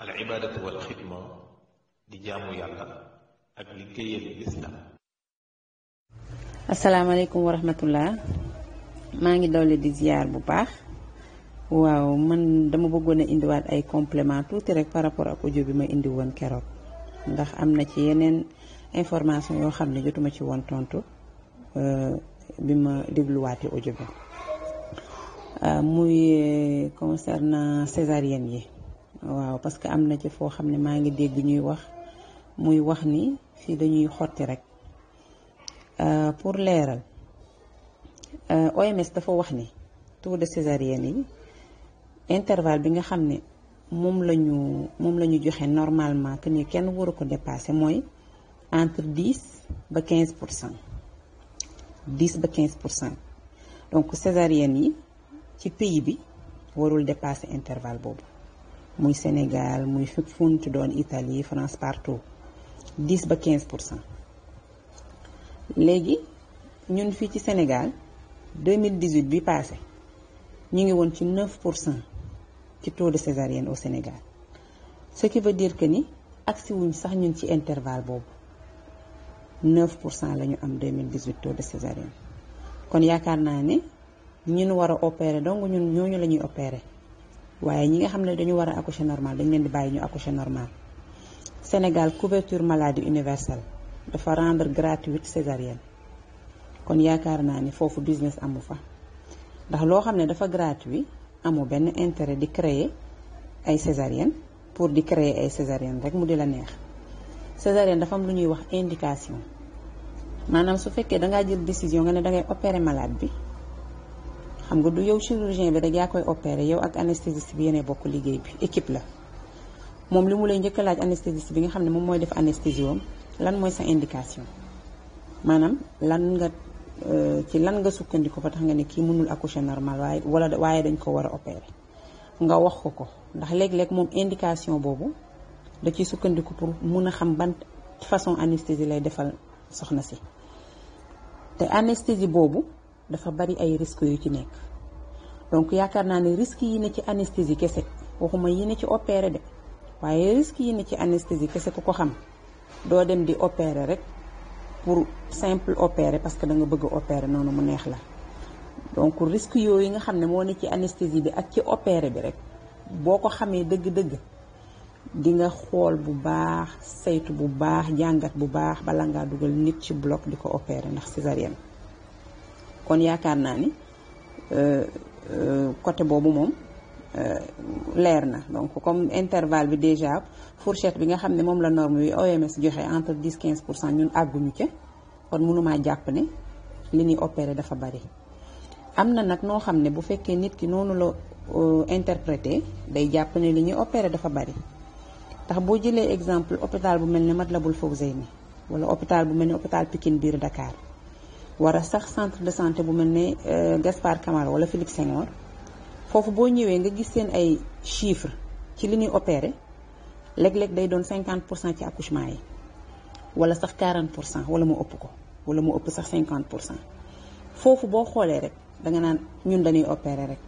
al ibaadatu wal xidma di jaamu yàlla ak liggéeyal lislaam asalaamaaleykum wa rahmatullah maa ngi daw leen di ziar bu baax waaw man dama bëggoon a indiwaat ay complément tuuti rek par rapport ak audio bi ma indi woon keroog ndax am na ci yeneen information yoo xam ne jotuma ci woon tontu euh, bi ma dégluwaatee audio bi euh, muy euh, concernant césarienne yi waaw parce que am na ci foo xam ne maa ngi dégg ñuy wax muy wax ni fii dañuy xotti rek euh, pour leeral euh, OMS dafa wax ni taux de césarienne yi intervalle bi nga xam ne moom la ñu moom la ñu joxe normalement que ni kenn waru ko dépasser mooy entre dix ba quinze pour cent dix ba quinze pour cent donc césarienne yi ci pays bi warul dépasser intervalle boobu. muy Sénégal muy fépp funtu doon Italie France partout dix ba quinze pour cent léegi ñun fii ci Sénégal deux mille dix huit bi passé ñu ngi woon ci neuf pour cent ci taux de césarienne au Sénégal ce qui veut dire que ni agsi wuñ sax ñun ci intervalle boobu neuf pour cent la ñu am deux mille dix huit taux de césarienne kon yaakaar naa ne ñun war a opérer donc ñun ñooñu la ñuy opérer. waaye ñi nga xam ne dañu war a accoucher normal dañ leen di bàyyi ñu accoucher normal Sénégal couverture maladie universelle dafa rendre gratuite césarienne kon yaakaar naa ni foofu business amu fa ndax loo xam ne dafa gratuit amu benn intéret di créer ay césarienne pour di créer ay césarienne rek mu di la neex césarienne dafa am lu ñuy wax indication maanaam su fekkee dangaa jël décision nga ne dangay opérer malade bi xam nga du yow chirurgien bi rek yaa koy opéré yow ak anesthésiste bi yéenee bokk liggéey bi équipe la moom li mu lay njëkk a laaj anesthésiste bi nga xam ne moom mooy def anesthésie wam lan mooy sa indication maanaam lan nga euh, ci lan nga sukkandiku ba tax nga ne kii mënul accoucher normal waaye wala waaye dañ ko war a nga wax ko ko ndax léeg-léeg moom indication boobu da ciy sukkandiku pour mun a xam ban façon anesthésie lay defal soxna si te boobu. dafa bari ay risques yu ci nekk donc yaakaar naa ne risques yi ne ci anesthésie kese waxuma yi ne ci opéré de waaye risques yi ne ci anesthésie kese ku ko xam doo dem di opéré rek pour simple opéré parce que da bëgg a noonu mu neex la donc risque yooyu nga xam ne moo ne ci anesthésie bi ak ci opéré bi rek boo ko xamee dëgg-dëgg di nga xool bu baax saytu bu baax jàngat bu baax bala ngaa dugal nit ci bloc di ko opéré ndax césarienne kon yaakaar naa ni euh, euh, côté boobu moom euh, leer na donc comme intervalle bi déjà fourchette bi nga xam ne moom la norme bi OMS joxe entre 10 15 pour cent ñun àgguñu ca kon mënumaa jàpp ne li ñuy opéré dafa bari am na nag noo xam ne bu fekkee nit ki noonu la interprété day jàpp ne li ñuy opéré dafa bari ndax boo jëlee exemple hôpital bu mel ne Matlaboul Fawzeyni wala hôpital bu mel ne hôpital Pikine biir Dakar wara sax centre de santé bu mel ne euh, Gaspard Camara wala Philippe Senghor foofu boo ñëwee nga gis seen ay chiffres ci li ñuy opéré léeg-léeg day doon 50 pour cent ci accouchement yi wala sax quarante pour cent wala mu ëpp ko wala mu ëpp sax 50 pour cent foofu boo xoolee rek danga naan ñun dañuy opéré rek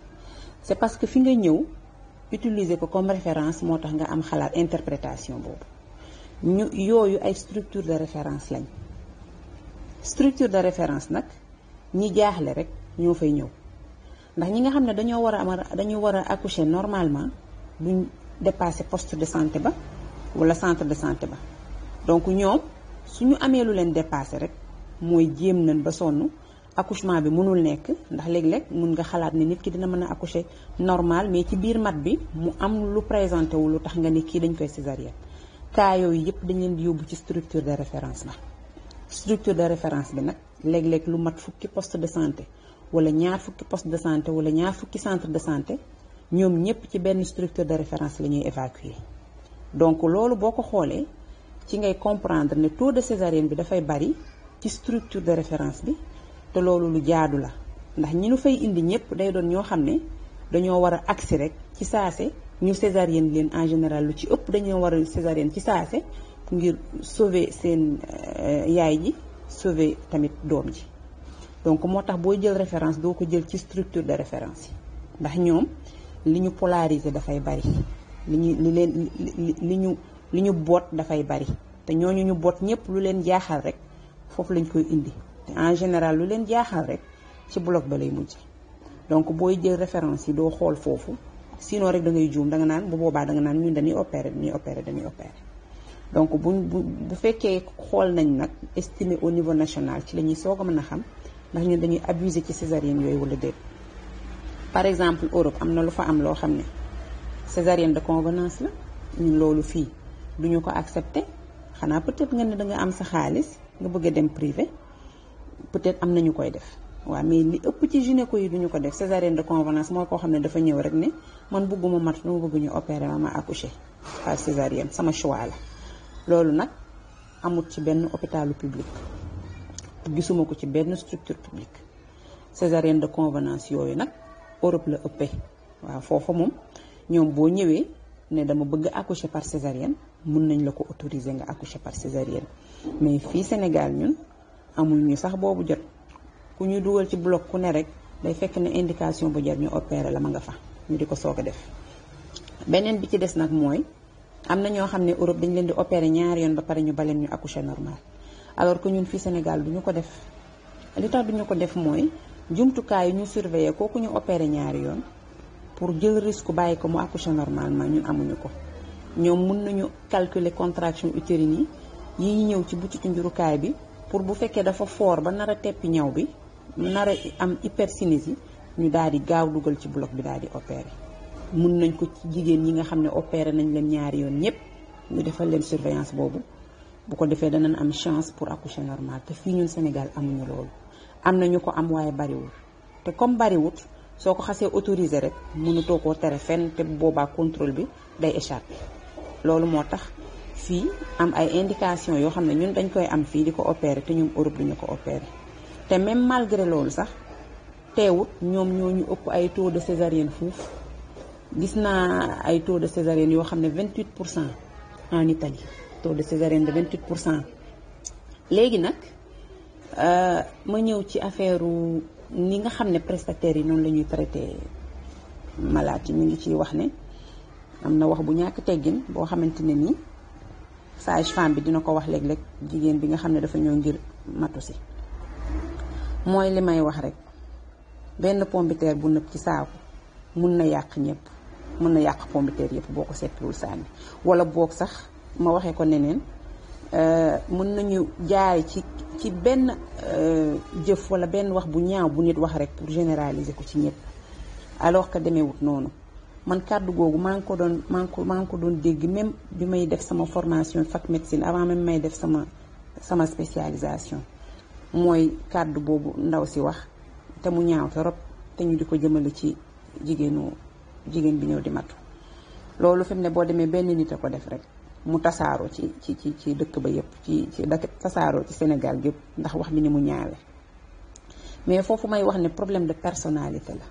c'est parce que fi nga ñëw utiliser ko comme référence moo tax nga am xalaat interprétation boobu ñu yooyu ay structure de référence lañ structure de référence nag ñi jaaxle rek ñoo fay ñëw ndax ñi nga xam ne dañoo war a ma dañu war a accoucher normalement duñ dépasser poste de santé ba wala centre de santé ba donc ñoom suñu amee lu leen dépasser rek mooy jéem nañ ba sonn accouchement bi mënul nekk ndax léeg-léeg mun nga xalaat ni nit ki dina mën a accoucher normal mais ci biir mat bi mu am lu présenté wu lu tax nga ne kii dañ koy césarienne cas yooyu yëpp dañ leen di yóbbu ci structure de référence ba structure de référence bi nag léeg lu mat fukki poste de santé wala ñaar fukki poste de santé wala ñaar fukki centre de santé ñoom ñëpp ci benn structure de référence la ñuy évacuer donc loolu boo ko xoolee ci ngay comprendre ne taux de césarienne bi dafay bari ci structure de référence bi te loolu lu jaadu la ndax ñi nu fay indi ñëpp day doon ñoo xam ne dañoo war a rek ci saase ñu césarienne leen en général lu ci ëpp dañoo war a césarienne ci saase ngir sauver seen euh, yaay ji sauver tamit doom ji donc moo tax boo jël référence doo ko jël ci structure de référence yi ndax ñoom li ñu polariser dafay bari li ñu li leen li ñu li ñu boot dafay bari te ñooñu ñu boot ñépp lu leen jaaxal rek foofu lañ koy indi te en général lu leen jaaxal rek ci bloc ba lay mujj donc booy jël référence yi doo xool foofu sinon rek da ngay juum da nga naan bu boobaa da naan ñun dañuy opérer dañuy opérer dañuy opérer donc buñ bu bu fekkee xool nañ nag estimé au niveau national ci la ñuy soog a mën a xam ndax ñun dañuy abusé ci césarienne yooyu wala déet par exemple Europe am na lu fa am loo xam ne césarienne de convenance la ñun loolu fii duñu ko accepté xanaa peut-être nga ne da nga am sa xaalis nga bëgg a dem privé peut-être am nañu koy def waaw mais li ëpp ci ko yi duñu ko def césarienne de convenance moo koo xam ne dafa ñëw rek ne man bëgguma mat dama bëgg ñu opérer ma ma accoucher par sama choix loolu nag amut ci benn hôpitalu public gisuma ko ci benn structure publique césarienne de convenance yooyu nag Europe la ëppee waaw foofa moom ñoom boo ñëwee ne dama bëgg accoucher par césarienne mun nañ la ko autoriser nga accoucher par césarienne mais fii Sénégal ñun amul ñu sax boobu jot ku ñu dugal ci bloc ku ne rek day fekk ne indication bu jar ñu opérer la ma nga fa ñu di ko soog a def beneen bi ci des nag mooy am na ñoo xam ne Europe dañ leen di opérer ñaari yoon ba pare ñu baleen ñu accoucher normal alors que ñun fii Sénégal du ñu ko def li tax du ko def mooy jumtukaay yi ñu surveiller kooku ñu opérer ñaari yoon pour jël risque bàyyi ko mu accoucher normalement ñun amuñu ko ñoom mun nañu calculer contraction utérine yi yi ñëw ci butitu njurukaay bi pour bu fekkee dafa foor ba nar a teppi ñaw bi nar a am hypercinésie ñu daal di gaaw dugal ci bloc bi daal di opérer. mun nañ ko ci jigéen ñi nga xam ne opéré nañ leen ñaari yoon ñëpp ñu defal leen surveillance boobu bu ko defee danañ am chance pour accoucher normal te fii ñun Sénégal amuñu loolu am na ñu ko am waaye bariwul te comme bariwut soo ko xasee autorisé rek mënutoo koo tere fenn te boobaa contrôle bi day échappé loolu moo tax fii am ay indication yoo xam ne ñun dañ koy am fii di ko opéré te ñoom Europe du ñu ko opéré te même malgré loolu sax teewut ñoom ñoo ñu ëpp ay taux de césarienne fuuf gis naa ay taux de césarienne yoo xam ne 28 pour cent en Italie taux de césarienne de 28 pour cent léegi nag euh, ma ñëw ci affaire ni nga xam ne prestataires yi noonu lañuy ñuy traité malade yi ñu ngi ciy wax ne am na wax bu ñàkk teggin boo xamante ne nii sage-femme bi dina ko wax léeg-léeg jigéen bi nga xam ne dafa ñëw ngir matu si mooy li may wax rek benn pompiteer bu nëb ci saaku mun na yàq ñëpp mën na yàq pombiteer yëpp boo ko seppiwul sànni wala boog sax ma waxee ko neneen euh, mën nañu jaay ci ci benn euh, jëf wala benn wax bu ñaaw bu nit wax rek pour généraliser ko ci ñëpp alors que demeewut noonu man kàddu googu maa ngi ko doon maa ngi ko maa ngi ko doon dégg même bi may def sama formation fac médecine avant même may def sama sama spécialisation mooy kàddu boobu ndaw si wax te mu ñaaw torop te ñu di ko jëmale ci jigéenu jigéen bi ñëw di matu loolu fi ne boo demee benn nit a ko def rek mu tasaaroo ci ci ci ci dëkk ba yëpp ci ci dëkk tasaaroo ci Sénégal gépp ndax wax bi ni mu ñaawe mais foofu may wax ne problème de personnalité la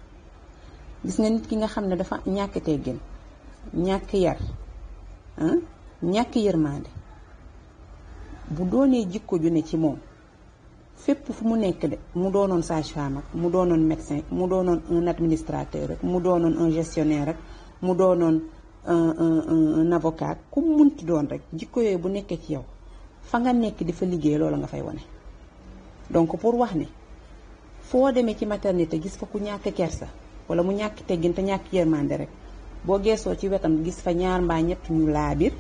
gis nga nit ki nga xam ne dafa ñàkk teggin ñàkk yar ñàkk yërmande bu doonee jikko ju ne ci moom fépp fu mu nekk de mu doonoon sage-femme ak mu doonoon médecin mu doonoon un administrateur rek mu doonoon un gestionnaire rek mu doonoon un un un avocat ku mu munti doon rek jikko yooyu bu nekkee ci yow fa nga nekk di fa liggéey loola nga fay wane. donc pour wax ni foo demee ci maternité gis fa ku ñàkk kersa wala mu ñàkk teggin te ñàkk yërmande rek boo geesoo ci wetam gis fa ñaar mbaa ñett ñu laabir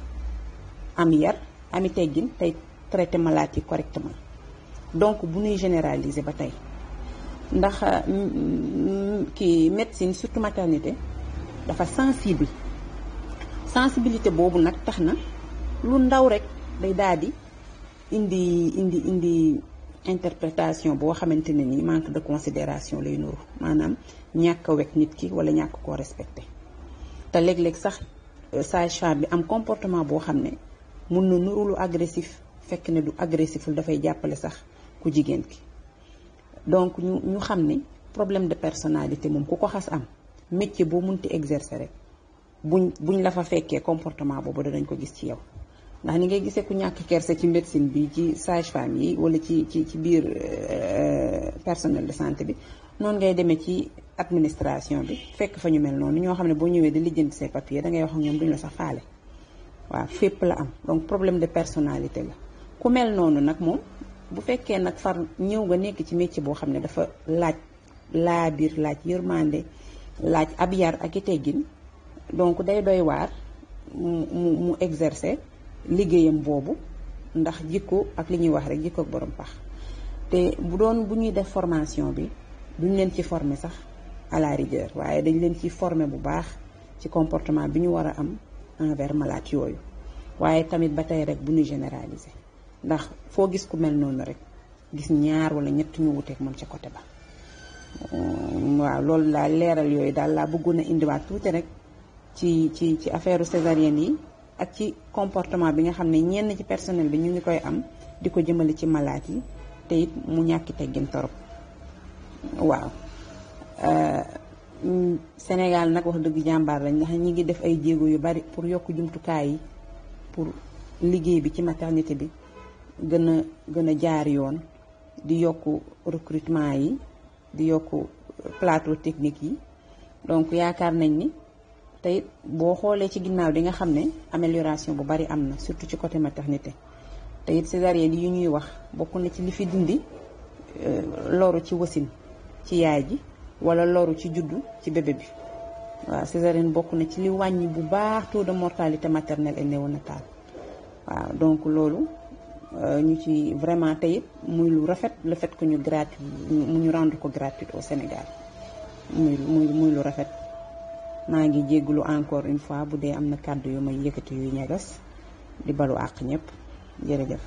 am yar ami teggin tey traité malade yi correctement. donc bu nuy généraliser ba tey ndax euh, kii médecine surtout maternité dafa sensible sensibilité boobu nag tax na lu ndaw rek day daal di indi indi indi interprétation boo xamante ne ni manque de considération lay nuru maanaam ñàkk a wekk nit ki wala ñàkk koo respecté te léeg-léeg sax euh, sage-femme bi am comportement boo xam ne mun na nuru lu agressif fekk ne du agressiful dafay jàppale sax ku jigéen ki donc ñu ñu xam ni problème de personnalité moom ku ko xas am métier boo ti exercer rek buñ buñ la fa fekkee comportement boobu danañ ko gis ci yow ndax ni ngay gisee ku ñàkk kerse ci médecine bi ci sage-femme yi wala ci ci ci biir euh, personnel de santé bi noonu ngay demee ci administration bi fekk fa ñu mel noonu ñoo xam ne boo ñëwee di lijjanti say papier da ngay wax ak ñoom duñu la sax faale waaw fépp la am donc problème de personnalité la ku mel bu fekkee nag far ñëw nga nekk ci métier boo xam ne dafa laaj laa biir laaj yërmande laaj ab yar ak i teggin donc day doy waar mu mu exercer liggéeyam boobu ndax jikko ak li ñuy wax rek jikko ak borom pax te bu doon bu ñuy def formation bi duñ leen ci former sax à waaye dañ leen ci former bu baax ci comportement bi ñu war a am envers malade yooyu waaye tamit ba tey rek bu ñu généraliser ndax foo gis ku mel noonu rek gis ñaar wala ñett ñu wuteeg moom ca côté ba mm, waaw loolu laa leeral yooyu daal laa bëggoon a indiwaat tuuti rek ci ci ci affaire césarienne yi ak ci comportement bi nga xam ne ñenn ci personnel bi ñu ngi koy am di ko jëmale ci malaat yi te it mu ñàkki teggin torop waaw euh, Sénégal nag wax dëgg jàmbaar lañ ndax ñi ngi def ay jéego yu bari pour yokk jumtukaay yi pour liggéey bi ci maternité bi gën a gën a jaar yoon di yokk recrutement yi di yokk plateau technique yi donc yaakaar nañ ni tey boo xoolee ci ginnaaw di nga xam ne amélioration bu bari am na surtout ci côté maternité te it césarienne yi ñuy wax bokk na ci li fi dindi euh, loru ci wasin ci yaay ji wala loru ci juddu ci bébé bi waaw césarienne bokk na ci li wàññi bu baax taux de mortalité maternelle et néonatale waaw donc loolu Euh, ñu ci vraiment tey muy lu rafet le fait que ñu gratuit mu ñu rendre ko gratuit au Sénégal muy muy muy lu rafet maa ngi jéggulu encore une fois bu dee am na kàddu yu may yëkkati yuy ñagas di balu àq ñëpp jërëjëf